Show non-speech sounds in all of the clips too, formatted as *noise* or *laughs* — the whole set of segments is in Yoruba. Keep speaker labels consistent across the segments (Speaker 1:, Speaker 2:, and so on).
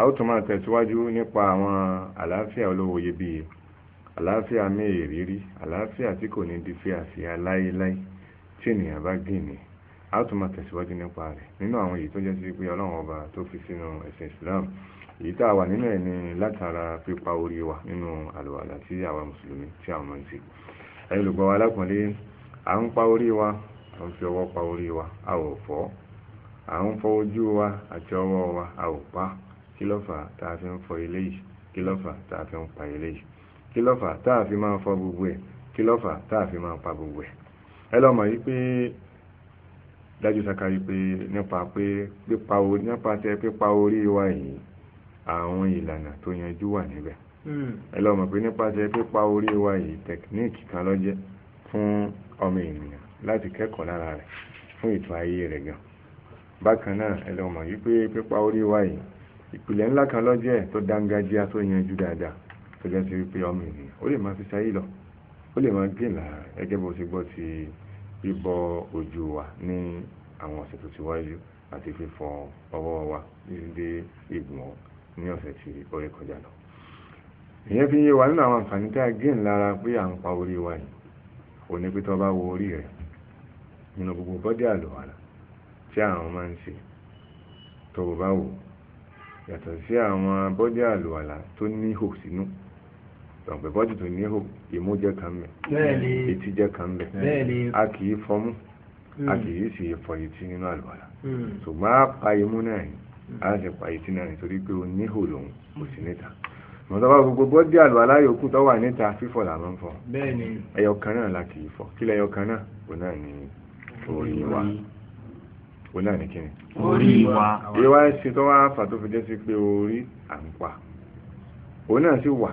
Speaker 1: a ó tún máa tẹ̀síwájú nípa àwọn àlàáfíà olówó iyebíye àlàáfíà mẹ́ẹ̀ẹ́rírí àlàáfíà tí kò ní di fi àsíá láéláé tí ènìyàn bá gìnì a ó tún máa tẹ̀síwájú nípa rẹ̀ nínú àwọn èyí tó jẹ́ sí pé ọlọ́run ọba tó fi sínú ẹ̀sìn Islam èyí tá a wà nínú ẹ̀ ní látara pípa orí wa nínú àlùwàlà tí àwa mùsùlùmí tí àwọn máa ń ṣe ẹ̀yin wa alákùnlé à ń pa orí wa à ń fi ọwọ́ pa orí wa a ò fọ́ à ń fọ ojú wa àti ọwọ́ wa a ò pa á kí ló fà tá a fi ń fọ ilé yìí kí ló fà tá a fi ń pa ilé yìí kí ló fà tá a fi máa ń fọ gbogbo ẹ̀ kí ló fà tá a fi máa ń pa gbogbo ẹ̀ ẹ lọ mọ̀ wípé dájú saka wípé nípa pé pípa orí nípa tẹ pípa orí wa yìí àwọn ìlànà tó yanjú wà níbẹ̀ hmm. ẹ lọ mọ̀ pé nípa pípa orí wa yìí tẹkíníìkì kan ló fún ọmọ ènìyàn láti kẹ́kọ̀ọ́ lára rẹ̀ fún ètò ayé rẹ̀ gan bákan náà ẹ lọ mọ̀ wípé pípa orí wa yìí ìpìlẹ̀ ńlá kan lọ́jọ́ ẹ̀ tó dángájíá tó yanjú dáadáa tó jẹ́ sí wípé ọmọ ènìyàn ó lè máa fi sáyé lọ ó lè máa dín là gẹ́gẹ́ bó ṣe gbọ́ ti bíbọ ojú wa ní àwọn ọ̀sẹ̀ tó ti wáyé àti fífọ ọwọ́ wa dé ìgbọ̀n ní ọ̀sẹ̀ tí ó ré kọjá lọ ìyẹn fi yé wa nínú àwọn àǹfààní tá a gé ńlára pé à ń pa orí wa yìí ò ní pé tó bá wo orí rẹ̀ nínú gbogbo bọ́dí àlùwàlà tí àwọn máa ń ṣe tó bá wò ó yàtọ̀ sí àwọn bọ́dí àlùwàlà tó níhò sínú ọ̀gbẹ̀ bọ́dí tó níhò imú jẹ́ kan mẹ́ etí jẹ́ kan mẹ́ a kì í fọmú a hmm. kì í sì fọ etí nínú àlùwàlà hmm. ṣùgbọ́n a pa imú náà ni a hmm. sì pa etí náà nítorí pé o níhò lòun kò sí níta mọ̀tọ́ bá gbogbo bọ́dí àlùwàlà yòókù tó wà níta fífọ̀ là máa ń fọ ẹyọ kan náà la kì í fọ kílẹ̀ ẹyọ kan náà òun náà ni orí wa òun náà ní kíni. orí wa. ìwà ẹ̀sìn tó wá fà tó fi jẹ́ sí pé orí à ń pa òun náà sì wà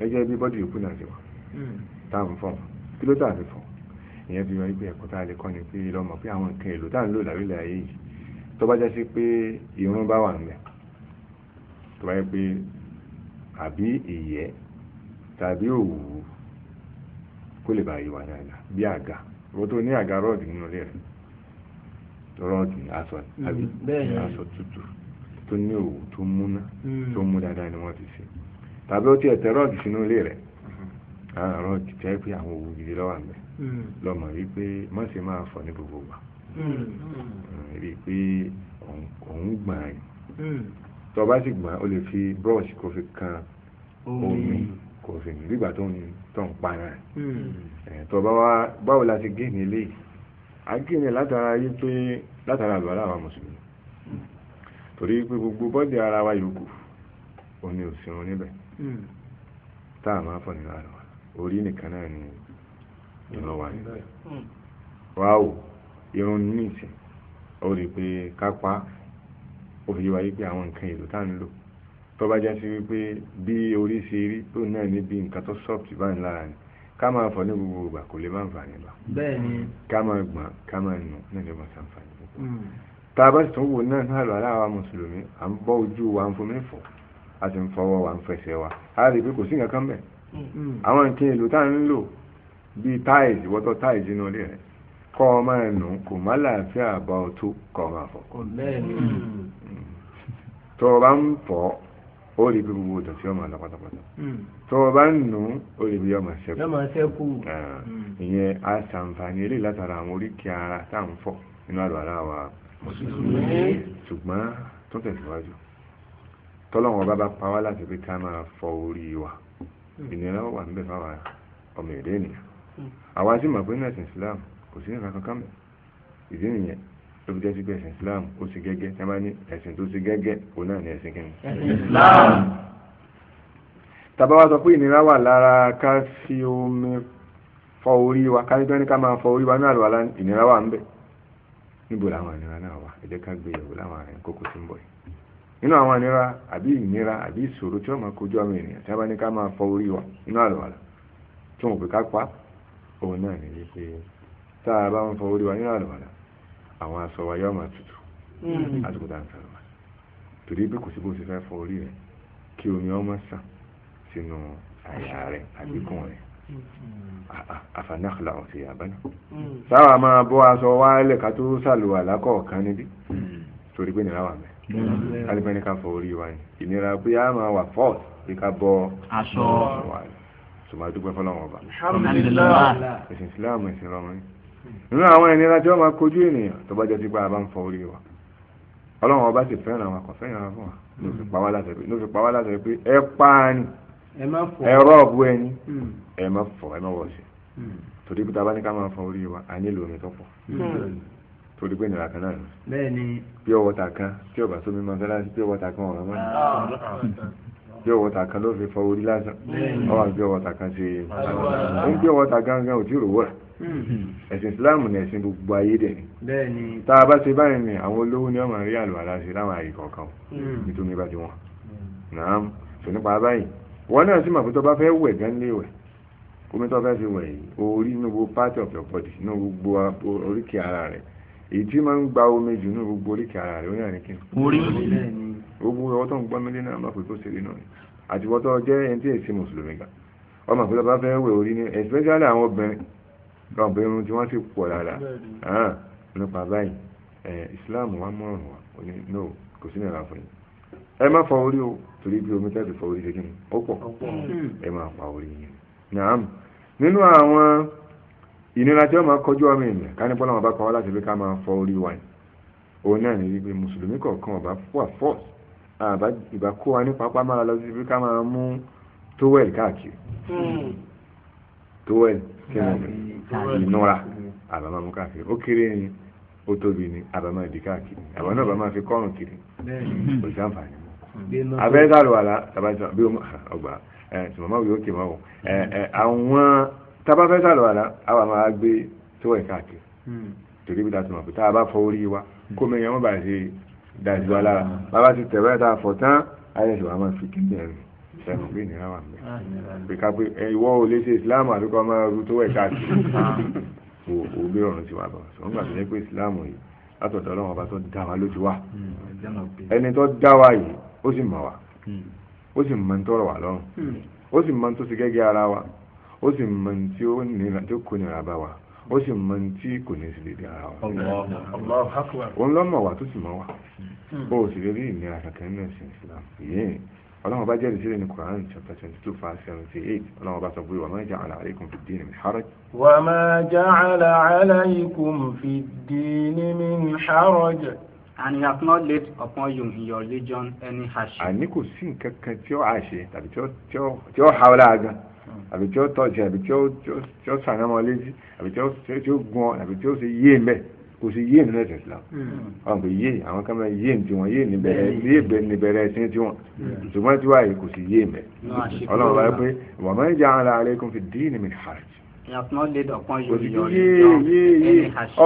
Speaker 1: ẹgbẹ́ bí bọ́dì yòókù náà sì wà hmm. táwọn fọ̀ kí ló tàbí fọ̀ ìyẹn fi wọ́n gbé ẹ̀kọ́ tá a lè kọ́ ni pé lọ́mọ pé àwọn nǹkan èlò tá à ń lò lárílẹ̀ ayé yìí tó bá jẹ́ sí pé irun bá wà nílẹ̀ tó bá yẹ pé àbí ìyẹ́ tàbí òwú kó lè bá yí wa náà bí àga owó tó ní àga rọ́ọ̀dì nínú ilé rẹ̀ rọ́ọ̀dù ní aṣọ mm, àbí aṣọ tútù tó ní òwú tó múná mm. tó mú dáadáa ni wọ́n ti ṣe tàbí ó ti ẹ̀tẹ̀ rọ́ọ̀dù sínú ilé rẹ̀ mm-hmm. ah, rọ́ọ̀dù tẹ́ pé àwọn òwú gidi lọ́wọ́ àmì mm. lọ́mọ wípé má ṣe máa fọ̀ ní gbogbo wa rí i pé òun gbọ̀n ẹ̀ tó bá sì gbọ̀n ó lè fi brush kó fi kan omi kò sì nígbà tó ń pa náà eh, tó bá wá báwo la ti gé ní eléyìí agíni látara yí pé látara àlùwàlá àwọn mùsùlùmí torí pé gbogbo bọ́dì ara wa yòókù òní òsìn níbẹ̀ hmm. tá máa fọ̀ nínú àlọ́ orí nìkan náà ni ìran wà níbẹ̀ hmm. wá o irun ní ìsìn ó rí i pé kápá ó fi wáyé pé àwọn nǹkan èlò tá à ń lò tó bá jẹ́ sí wípé bí orí ṣe rí tó náà níbi nǹkan tó sọ́ọ̀tì báyìí lára ni ká máa fọ̀ ní gbogbo ìgbà kò lè má nfààní bá ká máa gbọ̀n ká máa nù náà lè má sànfààní hmm. tá a bá sì tún wò náà náà lọ aláwa mùsùlùmí à ń bọ́ ojú wa ń fomi fọ̀ a sì ń fọwọ́ wa ń fẹsẹ̀ wa a rí i pé kò sí nǹkan kan bẹ́ẹ̀ hmm. àwọn nǹkan èlò tá à ń lò bíi táìsì wọ́tọ̀ táìsì inú ilé rẹ̀ kọ́ ọ máa nù kò má làáfíà bá ọ kọ́ ọ máa fọ̀ ó rí bí gbogbo ìtọ̀sí ọmọ lọ pátápátá hmm. tó o bá ń nù ó rí bí ọmọ ṣẹ́kù ah. hmm. ìyẹn a ṣàǹfààní eré látara àwọn oríkèé ara tá à ń fọ̀ nínú àlùwàlá wa ṣùgbọ́n tó tẹ̀síwájú tọ́lọ́wọ́n bá bá pa wá láti fi ká máa fọ orí wa hmm. ìnira wà ń bẹ̀ fáwa ọmọ èdè ènìyàn àwa sì mọ̀ pé nẹ́ẹ̀sì Islam kò sí nǹkan kankan mẹ́ ìdí nìyẹn tó fi jẹ́ sí pé ẹ̀sìn Islam ó sì gẹ́gẹ́ tí a bá ní ẹ̀sìn tó sì gẹ́gẹ́ òun náà ní ẹ̀sìn kìíní. Islam. tàbá wa sọ pé ìnira wà lára ká fi omi fọ orí wa ká ni ká máa fọ orí wa ní àlùwàlá ìnira wà ń bẹ níbo làwọn ìnira náà wà ẹ jẹ́ ká gbé yẹ̀wò láwọn àkókò tí ń bọ̀ yìí nínú àwọn ìnira àbí ìnira àbí ìṣòro tí wọ́n máa kojú àwọn ènìyàn tí a bá ní ká máa fọ orí wa nínú àlùwàlá àwọn aṣọ wa yóò máa tutù àsìkò tá à ń sọ̀rọ̀ wa torí pé kò sí bó ṣe fẹ́ fọ orí rẹ̀ kí omi ọmọ sàn sínú àyà rẹ̀ àbíkùn rẹ̀ àfànàkìlà ọ̀sẹ̀ àbáná sáwà máa bọ́ aṣọ wálẹ̀ ká tó sàlùwà lákọ̀ọ̀kan níbí hmm. torí pé nìyàwó àmì alẹ́pẹ́ ní ká fọ orí wa ni ìnira pé a máa wà fọ́ọ̀t bí ká bọ́ aṣọ wa ni sọmọdúpẹ́ fọlọ́wọ́n ọba ẹ̀sìn Islam ẹ̀sìn rọrùn nínú àwọn ìnira tí wọ́n máa kojú ènìyàn tó bá jẹ́ sí pé a bá ń fọ orí wa ọlọ́run ọba sì fẹ́ràn àwọn akọ̀ fẹ́ràn àwọn fún wa ló fi pa wá láṣẹ pé ló fi pa wá láṣẹ pé ẹ pa ni ẹ rọ́ọ̀bù ẹni hmm. ẹ má fọ ẹ má wọ̀ṣẹ̀ hmm. torí pé tá a bá ní ká máa fọ orí wa a nílò omi tó pọ̀ hmm. torí pé ìnira kan náà ni bẹ́ẹ̀ni pure water kan tí ọba sómi máa fẹ́ràn sí pure water kan ọ̀rọ̀ mọ́ni ah. pure water kan ló fi fọ orí lásán ọba pure water kan ṣe ń pure water gangan ò tí ì rò wọ́rà. Hmm. ẹ̀sìn Islam ni ẹ̀sìn gbogbo ayé dẹ̀ ni tá a bá ṣe báyìí ni àwọn olówó ni ọmọ rí àlùwàlá ṣe láwọn àyè kọ̀ọ̀kan hmm. nítorí bá ti wọn náà sọ nípa báyìí wọn náà sì mọ̀ pé tó bá fẹ́ wẹ̀ gan lé wẹ̀ omi tó fẹ́ fi wẹ̀ yìí orí inú gbogbo part of your body inú gbogbo oríkì ara rẹ̀ èyí tí máa ń gba omi jù inú gbogbo oríkì ara rẹ̀ ó ní àníkí orí gbogbo ọwọ́ tó ń gbọ́ mílí náà máa fi tó ṣeré náà àti wọ́tọ́ jẹ́ ẹni tí èsì mùsùlùmí especially àwọn obìnrin lọ́wọ́ pé irun tí wọ́n sì pọ̀ dáadáa nípa báyìí Islam wa mọ̀ ọ̀rùn wa ó ní no kò sí nìyàrá fún yín ẹ má fọ orí o torí bí omi tẹ́tù fọ orí ṣe ó pọ̀ ẹ máa pa orí yín nàám nínú àwọn ìnira tí wọ́n máa kọjú ọmọ ènìyàn ká ní bọ́lá wọn bá pa wá láti fi ká máa fọ orí wa yìí òun náà ní wípé mùsùlùmí kọ̀ọ̀kan ọ̀bá wà fọ́ọ̀sì àbá ìbá kó wa ní pápá máa lọ sí ibi ká máa mú tówẹ̀lì káàkiri hmm. tówẹ̀lì kí ni ìnura mm. àbámá mú káàkiri ó kéré ni ó tóbi ni àbámá ìdí káàkiri mm. àbámá náà bàmá fi kọ́rùn kiri kò sí àǹfààní abẹ́ dàlù àlá tabajọ bí ó *laughs* ọgbà tìmọ̀mọ́ yóò kì máa wò àwọn tabafẹ́ dàlù àlá àwọn máa gbé tó ẹ̀ káàkiri mm. torí bí dàtúmọ̀ pé tá a bá fọ orí wa kó mẹ́yìn wọn bá ṣe dàjú alára bàbá ti tẹ̀wé tá a fọ̀ tán ayé ìṣòwò máa fi kí ní sẹ́nu pé nira wà mẹ́ ah, pé ká pé ìwọ ò ṣe islam àdúgbò máa ru tó wẹ̀ káàkiri ò ah. gbé ọ̀run ti wà bọ̀ ṣùgbọ́n gbà tó jẹ́ pé islam yìí látọ̀dọ̀ ọlọ́run ọba tó dá wa ló ti wá hmm. ẹni tó dá wa yìí ó sì mọ̀ wá hmm. ó sì mọ̀ ń tọrọ wà lọ́rùn hmm. ó sì mọ̀ ń tó ti gẹ́gẹ́ ara wa ó sì mọ̀ ń tí ó kó nira bá wa ó sì mọ tí kò ní sí dédé ara wa òun lọ́mọ̀ wà tó sì mọ̀ wà ó sì rí ìnira kankan náà sí Islam yìí ọlọ́run bá jẹ́rìí sílẹ̀ ní Quran chapter twenty two verse seventy eight ọlọ́run bá sọ pé wàmá ja'ala alaykum fi dini min haraj. wàmá ja'ala alaykum fi dini min haraj. and you have not laid upon you in your religion any hardship. àní kò sí nǹkan kan tí ó àṣe tàbí tí ó hawlá agan àbí tí ó tọ̀jẹ̀ àbí tí ó sànámọ́ létí àbí tí ó gun ọ àbí tí ó ṣe yé mẹ́ẹ̀ kò sí yéè nínú ẹ̀sìn Islam hmm. àwọn pè yéè àwọn kan máa yéè tiwọn yéè níbẹ̀rẹ̀ hmm. yéè bẹ̀ níbẹ̀rẹ̀ ẹ̀sìn tiwọn hmm. ṣùgbọ́n tí wáyé kò sí yéè mẹ́ ah, ọlọ́run bá yẹ pé wa ma ja'ala alaykum fi d-dini min haraj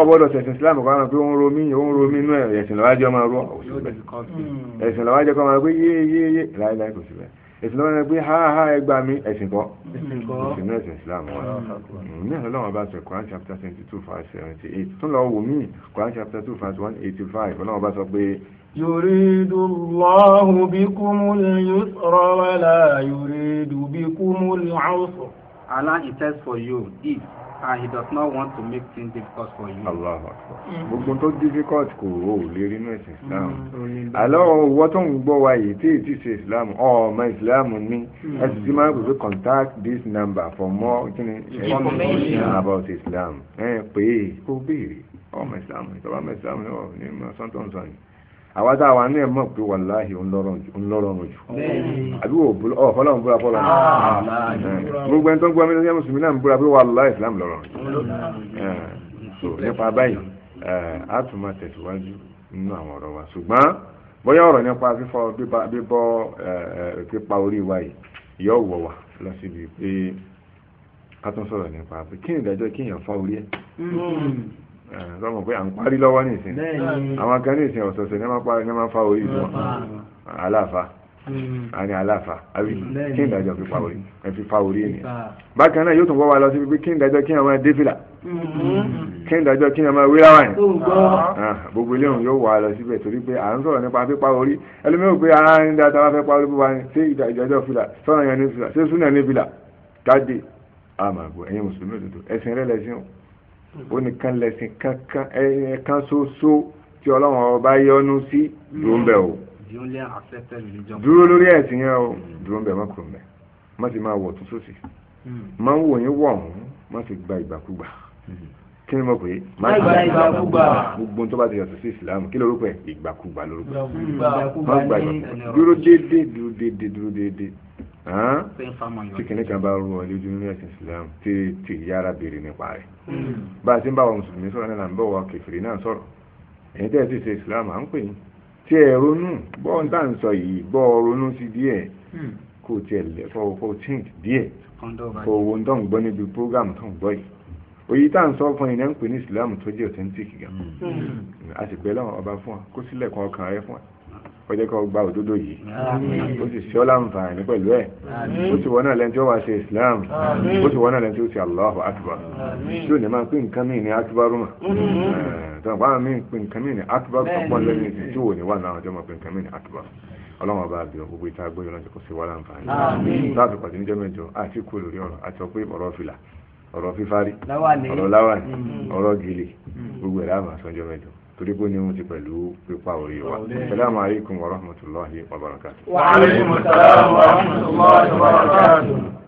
Speaker 1: ọgbọdọ ṣẹ̀sìn islam kan náà pé ó ń ro mí ó ń ro mí inú ẹ̀ ẹ̀sìn làwájọ́ máa rú ọ̀sùn bẹ́ẹ̀ ẹ̀sìn làwájọ́ kan máa pé yéé yéé yéé láéláé kò sí bẹ́ẹ̀ ẹ̀sìn lọ́wọ́ ẹgbẹ́ ha ha ẹgbà mi ẹ̀sìn kọ́ ẹ̀sìn náà ẹ̀sìn islam wa ní ọ̀nà ọlọ́run bá sọ Quran chapter twenty two verse seventy eight tún lọ wò mí Quran chapter two verse one eighty five ọlọ́run bá sọ pé. يريد الله بكم اليسر ولا يريد بكم العسر Allah intends for you if and he does not want to make things difficult for you. Allah, Akbar. Mm. Gbogbo tó difficult kò ó lè inú ẹ̀sìn Islam. Mm. Àlọ́ owó tó ń gbọ́ wa yìí tí èyí ṣe Islam ọmọ Islam ní mm. ẹ̀sìn tí máa ń contact this number for more information about Islam. Ẹ pé kó béèrè ọmọ Islam ìjọba ọmọ Islam ní ọ̀sán tó ń sọ yìí àwa tá a wà ní ẹ̀ mọ̀ pé wàláhì ńlọrọrùn jù àbí wò ó fọlọ́run búra ah, fọlọ́ gbogbo ẹni tó ń gbọ́ mi lọ́sẹ̀ mùsùlùmí náà ń búra pé wàláhì islam lọ́rọ̀rùn jù eh, nípa báyìí eh, a tún máa tẹ̀síwájú nínú àwọn ọ̀rọ̀ wa ṣùgbọ́n bóyá ọ̀rọ̀ nípa fífọ bíbọ eh, pípa orí wa yìí yóò wọ̀ wá lọ síbi pé ká tún sọ̀rọ̀ nípa pé kí ni ìdájọ́ kí èèyàn fọ orí ẹ̀ hmm. Eh, sọmọ pé à ń parí lọ́wọ́ ní ìsìn àwọn kan ní ìsìn ọ̀sọ̀ọ̀sẹ̀ ní wọ́n máa fa orí ìlú aláfa àní hmm. aláfa àbí kí n dájọ́ fi fa orí ẹ fi fa orí ènìyàn bákan náà yóò tún bọ́ wa lọ sí pé kí n dájọ́ kí n máa dé fìlà hmm. kí n dájọ́ kí n máa wé láwọn yẹn ah, gbogbo ilé òun yóò wà lọ síbẹ̀ torí pé à ń sọ̀rọ̀ nípa pípa orí ẹlòmíràn pé ara ah, ń dá táwa fẹ́ pa orí bíbá ni ṣé ìdájọ́ fìlà sọ̀rọ̀ yẹn ní fìlà ṣé súnà ní fìlà káde àmàgbọ̀ ẹ̀yin mùsùlùmí òdodo ẹ̀sìn rẹ̀ lẹ́sìn o ó nìkan lẹ̀sìn kan ṣoṣo tí ọlọ́run ọba yọ́nú sí dúró ń o dúró lórí ẹ̀sìn yẹn o dúró ń bẹ̀ mọ́ kúrò mẹ́ má sì máa wọ̀ tún sósì hmm. má ń wò yín wọ̀ ọ̀hún má sì gba ìgbàkúgbà hmm. kí ni mo pè é má gba ìgbàkúgbà gbogbo tó bá ti yàtọ̀ sí ìsìlámù kí lórúkọ ẹ̀ ìgbàkúgbà lórúkọ má gba ìgbàkúgbà dúró déédéé dúró déédéé dúró déédéé tí kìnìún kan bá rú ọ lójú ní ẹ̀sìn Islam tí tí yára béèrè nípa rẹ̀ hmm. bá a ti ń bá wa mùsùlùmí sọ̀rọ̀ náà là ń bọ̀ wa kèfèrí náà sọ̀rọ̀ ẹ̀yin tẹ́ ẹ sì ṣe Islam à ń pè yín tí ẹ ronú bọ́ ń tà ń sọ yìí bọ́ ronú sí díẹ̀ hmm. kò tiẹ̀ lẹ̀ fọwọ́ change díẹ̀ fọwọ́ tó ń gbọ́ níbi program tó ń gbọ́ yìí òyì tá à ń sọ fún yìí náà ń pè ní Islam tó jẹ́ authentic gan hmm. a sì pẹ́ láwọn ọba fún wa kó sílẹ̀kùn ọkàn rẹ fún wa ọjọ́ kan gba òdodo yìí ó sì ṣe ọ́ láǹfààní pẹ̀lú ẹ̀ ó sì wọ́n náà lẹ́ni tí ó wá ṣe islam ó sì wọ́n náà lẹ́ni tí ó ṣe allahu akbar tí ò ní máa pín nǹkan mìíràn ní akbaru mà tọ́nà mm-hmm. báwọn míì pín nǹkan mìíràn ní akbaru ọ̀pọ̀ lẹ́ni tí ò ní wà náà ọjọ́ máa pín nǹkan mìíràn ní akbaru ọlọ́run ọba gbogbo ìta gbóyè lọ́jọ́ kò sí wà láǹfààní ọ̀rọ̀ fífárí ọ̀rọ̀ láwàní mm-hmm. ọ̀rọ̀ gèlè mm-hmm. gbogbo ẹ̀ láàmú àsọjọ́ mẹ́jọ torí bó ni wọ́n ti pẹ̀lú pípa orí wa. Assalamu alaikum wa rahmatullahi wa barakatuh. Wa alaikum assalam wa rahmatullahi wa barakatuh.